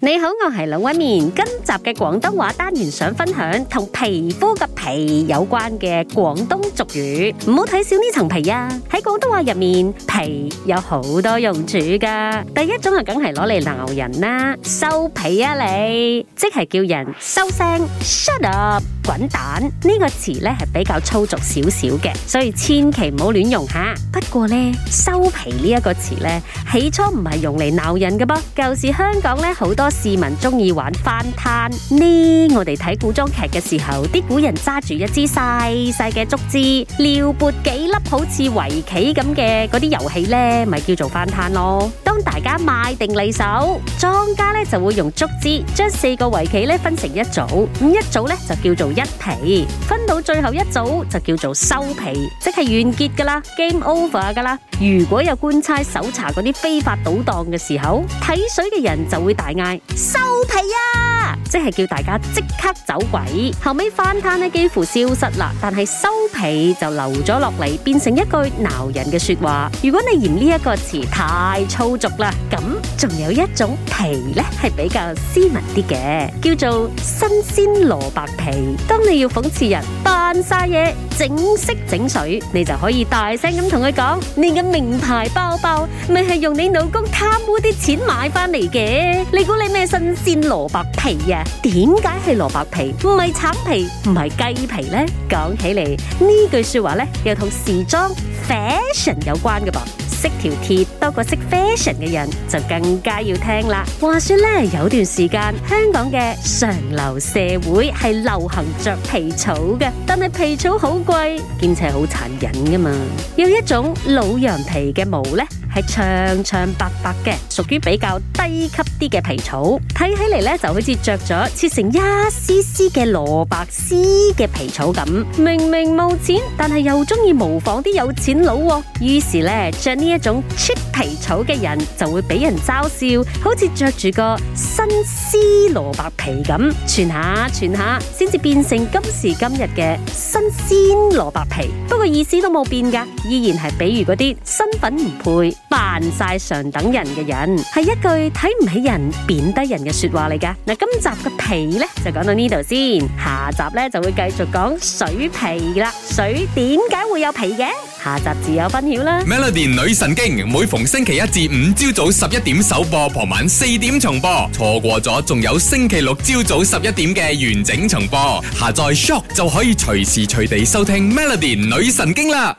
你好，我係龍紋敏，今集嘅廣東話單元，想分享同皮膚嘅皮有關嘅廣東俗語。唔好睇小呢層皮啊！喺廣東話入面，皮有好多用處㗎。第一種就梗係攞嚟鬧人啦，啊，收皮啊你，即係叫人收聲，shut up，滾蛋。這個，詞，呢個詞呢係比較粗俗少少嘅，所以千祈唔好亂用吓。不過呢，收皮呢一個詞呢，起初唔係用嚟鬧人嘅噃，舊時香港呢好多。市民中意玩翻攤呢？我哋睇古裝劇嘅時候，啲古人揸住一支細細嘅竹枝，撩撥幾粒好似圍棋咁嘅嗰啲遊戲呢，咪叫做翻攤咯。當大家買定離手，莊家呢就會用竹枝將四個圍棋咧分成一組，咁一組呢就叫做一皮，分到最後一組就叫做收皮，即係完結噶啦，Game Over 噶啦。如果有官差搜查嗰啲非法賭檔嘅時候，睇水嘅人就會大嗌。收皮呀！即係叫大家即刻走鬼，後尾翻攤呢幾乎消失啦，但係收皮就留咗落嚟，變成一句鬧人嘅說話。如果你嫌呢一個詞太粗俗啦，咁仲有一種皮呢係比較斯文啲嘅，叫做新鮮蘿卜皮。當你要諷刺人扮晒嘢、整色整水，你就可以大聲咁同佢講：你嘅名牌包包，咪係用你老公貪污啲錢買翻嚟嘅？你估你咩新鮮蘿卜皮啊？點解係蘿蔔皮，唔係橙皮，唔係雞皮呢？講起嚟呢句說話咧，又同時裝 fashion 有關嘅噃。識條鐵多過識 fashion 嘅人，就更加要聽啦。話說咧，有段時間香港嘅上流社會係流行着皮草嘅，但係皮草好貴，兼且好殘忍噶嘛。有一種老羊皮嘅毛咧。係長長白白嘅，屬於比較低級啲嘅皮草，睇起嚟咧就好似着咗切成一絲絲嘅蘿蔔絲嘅皮草咁。明明冇錢，但係又中意模仿啲有錢佬喎，於是咧着呢一種 cheap 皮草嘅人就會俾人嘲笑，好似着住個新絲蘿蔔皮咁。傳下傳下，先至變成今時今日嘅新鮮蘿蔔皮，不過意思都冇變噶，依然係比如嗰啲身份唔配。扮晒上等人嘅人，係一句睇唔起人、貶低人嘅說話嚟噶。嗱，今集嘅皮呢，就講到呢度先，下集呢，就會繼續講水皮啦。水點解會有皮嘅？下集自有分曉啦。Melody 女神經每逢星期一至五朝早十一點首播，傍晚四點重播，錯過咗仲有星期六朝早十一點嘅完整重播。下載 Shock 就可以隨時隨地收聽 Melody 女神經啦。